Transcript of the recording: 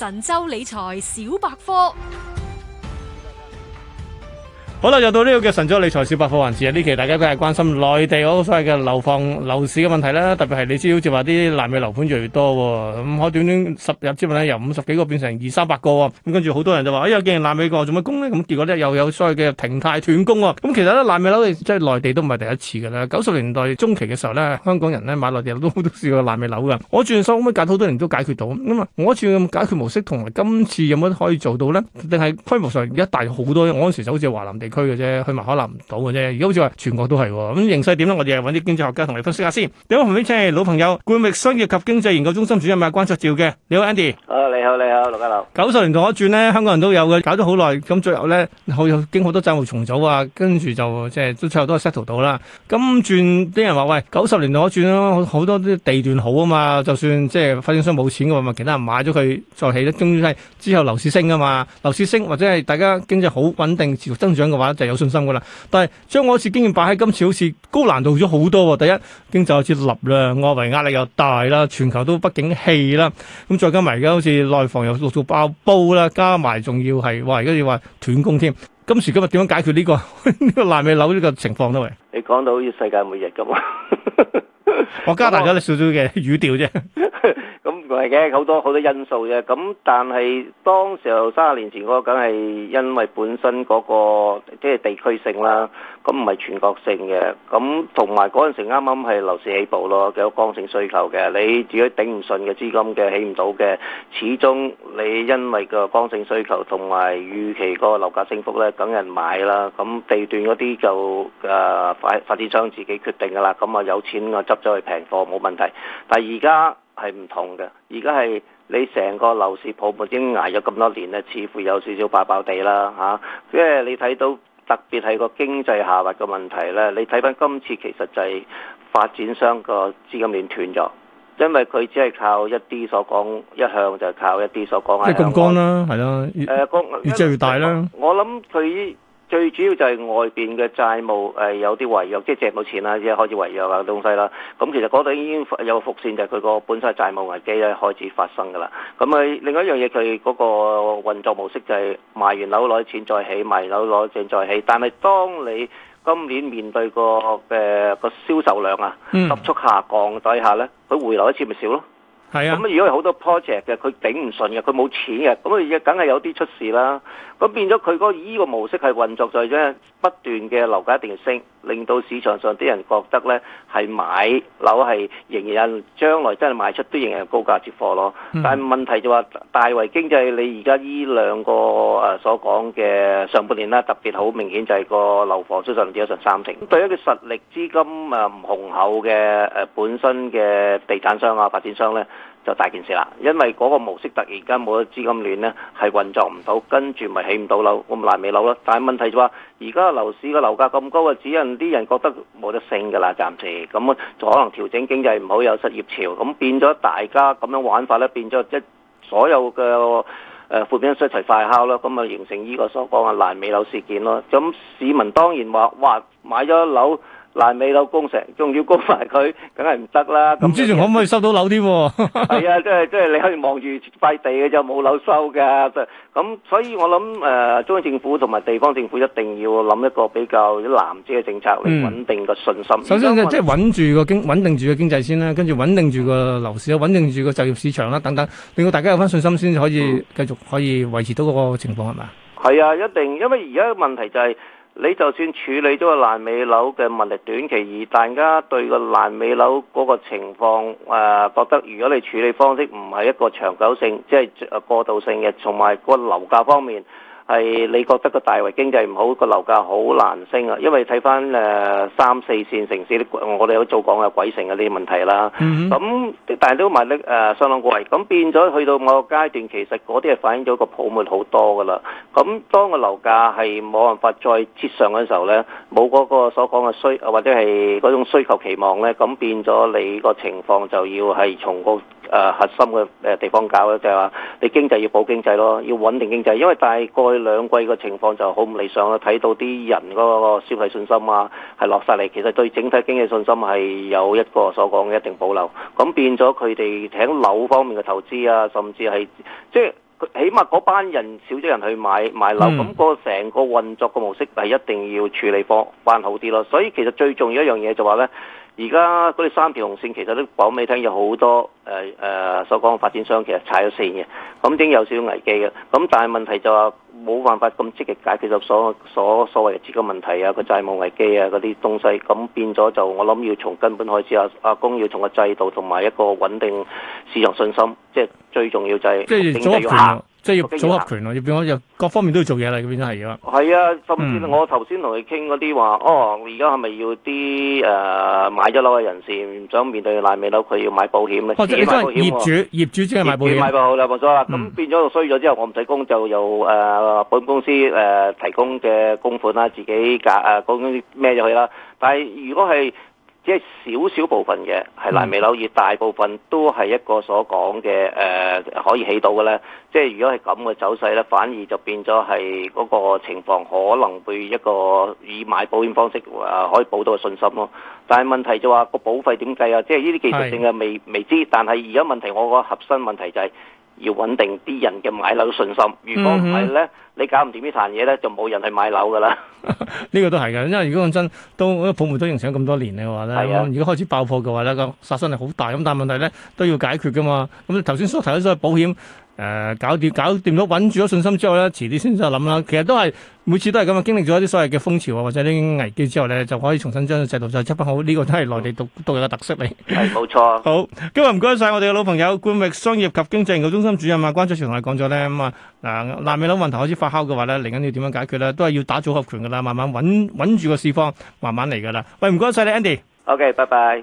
神州理財小百科。好啦，又到呢個嘅神州理財小百科環節啊！呢期大家都係關心內地嗰個所謂嘅樓房樓市嘅問題啦，特別係你知好似話啲爛尾樓盤越嚟越多喎。咁、嗯、我短短十日之內由五十幾個變成二三百個喎。咁跟住好多人就話，哎呀，既然爛尾個做乜供咧？咁結果咧又有所謂嘅停貸斷供喎。咁、嗯、其實咧爛尾樓係即係內地都唔係第一次㗎啦。九十年代中期嘅時候咧，香港人咧買內地樓都多試過爛尾樓㗎。我轉手咁樣解決，好多年都解決到。咁啊，我轉咁解決模式同埋今次有乜可以做到咧？定係規模上而家大好多？我嗰時就好似華南地區嘅啫，去埋海南島嘅啫。而家好似話全國都係咁形勢點咧？我哋又搵啲經濟學家同你分析下先。你好，旁邊即係老朋友冠域商業及經濟研究中心主任啊，關焯照嘅。你好，Andy。Oh, 你好，你好，陸家騮。九十年代轉咧，香港人都有嘅，搞咗好耐。咁最後咧，好有經過好多債務重組啊，跟住就即係都最後都 settle 到啦。咁轉啲人話喂，九十年代轉咯，好多啲地段好啊嘛。就算即係發展商冇錢嘅話，咪其他人買咗佢再起得。」終於係之後樓市升啊嘛，樓市升或者係大家經濟好穩定，持續增長嘅。就有信心噶啦，但係將我次經驗擺喺今次好似高難度咗好多，啊。第一經濟好似立量外圍壓力又大啦，全球都不景氣啦，咁再加埋而家好似內房又陸續爆煲啦，加埋仲要係話而家要話斷供添。今時今日點樣解決呢，呢個， 個爛尾樓呢個情況呢，啊？喂，你講到好似世界末日咁， 我加大咗你少少嘅語調啫。 係嘅，好多好多因素嘅。咁但係當時候三十年前嗰個，梗係因為本身嗰個即係地區性啦，咁唔係全國性嘅。咁同埋嗰陣時啱啱係樓市起步咯，有剛性需求嘅，你自己頂唔順嘅資金嘅，起唔到嘅。始終你因為個剛性需求同埋預期個樓價升幅咧，等人買啦。咁地段嗰啲就誒發發展商自己決定㗎啦。咁啊有錢嘅執咗去平貨冇問題。但係而家。係唔同嘅，而家係你成個樓市泡沫已經捱咗咁多年咧，似乎有少少爆爆地啦吓。因為你睇到特別係個經濟下滑嘅問題咧，你睇返今次其實就係發展商個資金鏈斷咗，因為佢只係靠一啲所講，一向就係靠一啲所講。即係咁乾啦，係啦、啊。誒，越、呃、越越大啦。我諗佢。最主要就係外邊嘅債務誒有啲違約，即係借到錢啦，即係開始違約嘅東西啦。咁其實嗰度已經有伏線，就係佢個本身債務危機咧開始發生㗎啦。咁佢另外一樣嘢，佢嗰個運作模式就係賣完樓攞錢再起，賣樓攞錢再起。但係當你今年面對個誒個銷售量啊，急速下降底下咧，佢回流一次咪少咯。係啊，咁如果係好多 project 嘅，佢頂唔順嘅，佢冇錢嘅，咁啊，亦梗係有啲出事啦。咁變咗佢嗰依個模式係運作在啫，不斷嘅樓價一定要升。令到市場上啲人覺得呢，係買樓係仍然有將來，真係賣出都仍然係高價接貨咯。但問題就話、是、大圍經濟，你而家呢兩個誒、呃、所講嘅上半年啦，特別好明顯就係個樓房銷售量跌咗成三成。對於一個實力資金啊唔雄厚嘅、呃、本身嘅地產商啊發展商呢。就大件事啦，因為嗰個模式突然間冇咗資金鏈呢係運作唔到，跟住咪起唔到樓，咁爛尾樓咯。但係問題就話、是，而家樓市嘅樓價咁高啊，只因啲人覺得冇得升噶啦，暫時咁啊，就可能調整經濟唔好，有失業潮，咁變咗大家咁樣玩法咧，變咗即所有嘅誒、呃、負面因素一齊發酵咯，咁啊形成呢個所講嘅爛尾樓事件咯。咁市民當然話，哇，買咗樓。爛尾樓工程，仲要供埋佢，梗係唔得啦。咁之前可唔可以收到樓添？係啊，即係即係你可以望住塊地嘅就冇樓收㗎。咁所以我諗誒中央政府同埋地方政府一定要諗一個比較難啲嘅政策嚟穩定個信心。首先即係穩住個經穩定住個經濟先啦，跟住穩定住個樓市啦，穩定住個就業市場啦，等等，令到大家有翻信心先可以繼續可以維持到個情況係嘛？係啊，一定，因為而家問題就係。你就算處理咗個爛尾樓嘅問題短期，而大家對個爛尾樓嗰個情況，誒、呃、覺得如果你處理方式唔係一個長久性，即係誒過渡性嘅，同埋個樓價方面。係你覺得個大圍經濟唔好，個樓價好難升啊！因為睇返誒三四線城市，我哋好早講嘅鬼城呢啲問題啦。咁、mm hmm. 但大都賣得誒、呃、相當貴，咁變咗去到某個階段，其實嗰啲係反映咗個泡沫好多噶啦。咁當個樓價係冇辦法再節上嘅時候咧，冇嗰個所講嘅需或者係嗰種需求期望咧，咁變咗你個情況就要係從個。誒、呃、核心嘅誒地方搞咧，就係、是、話你經濟要保經濟咯，要穩定經濟，因為大概兩季嘅情況就好唔理想咯，睇到啲人嗰個消費信心啊係落晒嚟，其實對整體經濟信心係有一個所講嘅一定保留，咁變咗佢哋喺樓方面嘅投資啊，甚至係即係起碼嗰班人少咗人去買買樓，咁、嗯、個成個運作嘅模式係一定要處理方翻好啲咯，所以其實最重要一樣嘢就話咧。而家嗰啲三條紅線，其實都講俾你聽有好多誒誒、呃呃、所講嘅發展商，其實踩咗線嘅，咁已經有少少危機嘅。咁但係問題就係、是、冇辦法咁積極解決咗所所所謂嘅資金問題啊、個債務危機啊嗰啲東西，咁變咗就我諗要從根本開始啊啊，阿公要從個制度同埋一個穩定市場信心，即係最重要就係、是、經濟要行。即係要組合權咯，要變咗各方面都要做嘢啦，咁變咗係而家。係啊，甚至我頭先同佢傾嗰啲話，哦，而家係咪要啲誒、呃、買咗樓嘅人士唔想面對爛尾樓，佢要買保險、哦、啊？哦，即係業主業主即係買保險、啊。唔係啦，冇錯啦。咁變咗衰咗之後，我唔使供，就由誒保險公司誒、呃、提供嘅供款啦，自己夾誒公司孭咗佢啦。但係如果係，即係少少部分嘅係爛尾樓，而大部分都係一個所講嘅誒可以起到嘅咧。即係如果係咁嘅走勢咧，反而就變咗係嗰個情況可能會一個以買保險方式誒、呃、可以保到嘅信心咯。但係問題就話、是、個保費點計啊？即係呢啲技術性嘅是未未知，但係而家問題我個核心問題就係、是。要穩定啲人嘅買樓信心，如果唔係咧，嗯、哼你搞唔掂呢壇嘢咧，就冇人去買樓噶啦。呢個都係嘅，因為如果講真，都因為泡沫都形成咁多年嘅話咧，的如果開始爆破嘅話咧，個殺傷力好大。咁但係問題咧都要解決噶嘛。咁你頭先所提到，所謂保險。誒，搞掂搞掂咗，穩住咗信心之後咧，遲啲先再諗啦。其實都係每次都係咁啊，經歷咗一啲所謂嘅風潮啊，或者啲危機之後咧，就可以重新將個制度再執翻好。呢個都係內地獨獨有嘅特色嚟。係冇錯。好，今日唔該晒我哋嘅老朋友冠域商業及經濟研究中心主任啊，關焯照同我哋講咗咧啊嘛。嗱，爛尾樓問題開始發酵嘅話咧，嚟緊要點樣解決咧？都係要打組合拳噶啦，慢慢穩穩住個市況，慢慢嚟噶啦。喂，唔該晒你，Andy。OK，拜拜。